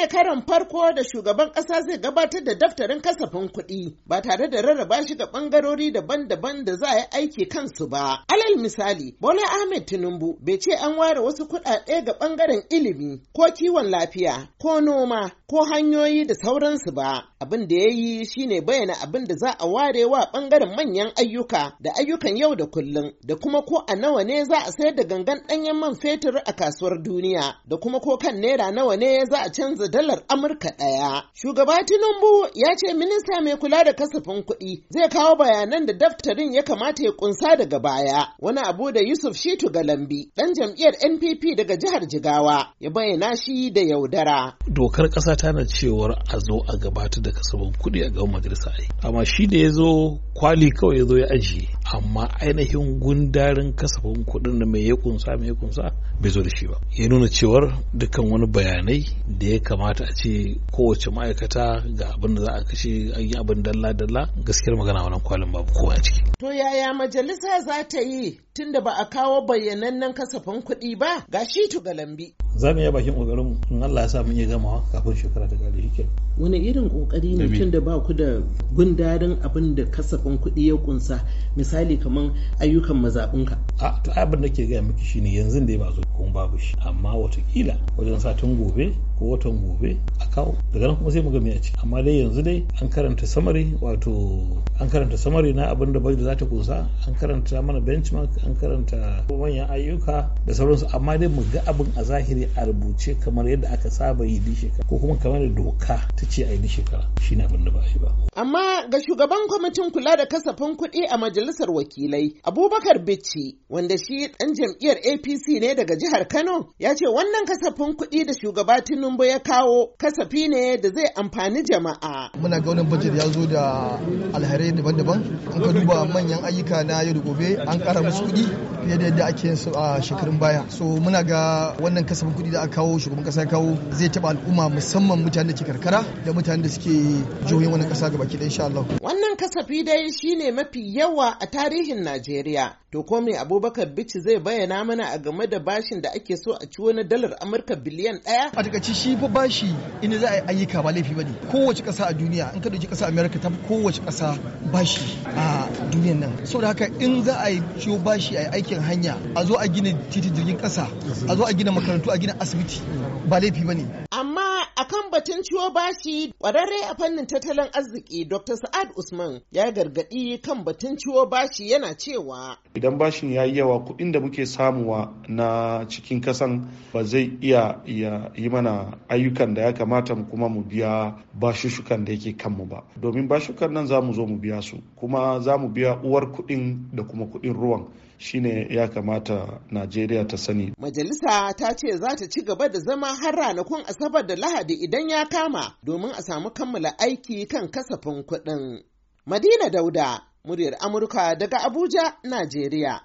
ne karon farko da shugaban ƙasa zai gabatar da daftarin kasafin kuɗi ba tare da rarraba shi ga ɓangarori daban-daban da za a yi aiki kansu ba. Alal misali, Bola Ahmed Tinubu bai ce an ware wasu kuɗaɗe ga ɓangaren ilimi ko kiwon lafiya ko noma ko hanyoyi da sauransu ba. abin da ya yi shi ne bayyana abin da za a ware wa ɓangaren manyan ayyuka da ayyukan yau da kullum da kuma ko a nawa ne za a sayar da gangan ɗanyen man fetur a kasuwar duniya da kuma ko kan naira nawa ne za a canza dalar amurka ɗaya shugaba tinubu ya ce minista mai kula da kasafin kuɗi zai kawo bayanan da daftarin ya kamata ya kunsa daga baya wani abu da yusuf shitu galambi ɗan jam'iyyar npp daga jihar jigawa ya bayyana shi da yaudara dokar ƙasa tana cewar a zo a gabata da da kasafin kuɗi a gaban majalisa ai amma shi da ya zo kwali kawai ya zo ya ajiye amma ainihin gundarin kasafin kuɗin da mai ya kunsa mai ya kunsa bai zo da shi ba ya nuna cewar dukkan wani bayanai da ya kamata a ce kowace ma'aikata ga abin da za a kashe an yi abin dalla-dalla gaskiyar magana wannan kwalin babu kowa a ciki. to yaya majalisa za ta yi tunda ba a kawo bayyanannen kasafin kuɗi ba ga shi galambi. za mu iya bakin ƙoƙarin mu in Allah ya sa mun iya gamawa kafin shekara ta gari shi wani irin ƙoƙari ne tunda ba ku da gundarin abin da kasafin kuɗi ya ƙunsa? misali kamar ayyukan mazaɓunka. a to abin da ke gaya miki ne yanzu da ya ba zo kuma babu shi amma watakila wajen satin gobe ko watan gobe a kawo daga nan kuma sai mu ga miyaci a ci amma dai yanzu dai an karanta samari wato an karanta samari na abin da budget za ta kusa an karanta mana benchmark an karanta manyan ayyuka da sauransu amma dai mu ga abin a zahiri a rubuce kamar yadda aka saba yi duk shekara ko kuma kamar doka ta ce a yi duk shekara shine abin da ba yi ba amma ga shugaban kwamitin kula da kasafin kuɗi a majalisar wakilai abubakar bichi wanda shi ɗan jam'iyyar apc ne daga jihar kano ya ce wannan kasafin kuɗi da shugaba tinubu Tinubu ya kawo kasafi ne da zai amfani jama'a. Muna ga wani budget ya zo da alharai daban-daban. An ka duba manyan ayyuka na yau da gobe an kara musu kuɗi fiye da yadda ake su a shekarun baya so muna ga wannan kasafin kuɗi da aka kawo shugaban kasa kawo zai taɓa al'umma musamman mutanen da ke karkara da mutanen da suke jihohin wannan kasa gaba ki insha Allah wannan kasafi dai shine mafi yawa a tarihin Najeriya to ko me Abubakar Bichi zai bayyana mana a game da bashin da ake so a ciwo na dalar Amurka biliyan ɗaya a daga ci shi fa bashi inda za a yi ayyuka ba laifi bane kowace ƙasa a duniya in ka dauki ƙasa Amerika ta kowace ƙasa bashi a duniyan nan saboda haka in za a yi ciwo bashi a yi aiki aikin hanya a zo a gina titin jirgin kasa a zo a gina makarantu a gina asibiti ba laifi ba ne. amma a kan batun ciwo bashi kwararre a fannin tattalin arziki dr sa'ad usman ya gargaɗi kan batun ciwo bashi yana cewa idan bashin ya yi yawa kuɗin da muke samuwa na cikin kasan ba zai iya yi mana ayyukan da ya kamata mu kuma mu biya bashushukan da yake kanmu ba domin bashukan nan za mu zo mu biya su kuma za mu biya uwar kuɗin da kuma kuɗin ruwan shine ya kamata najeriya ta sani majalisa ta ce za ta ci gaba da zama har ranakun asabar da lahadi idan ya kama domin a samu kammala aiki kan kasafin kuɗin madina dauda muryar amurka daga abuja najeriya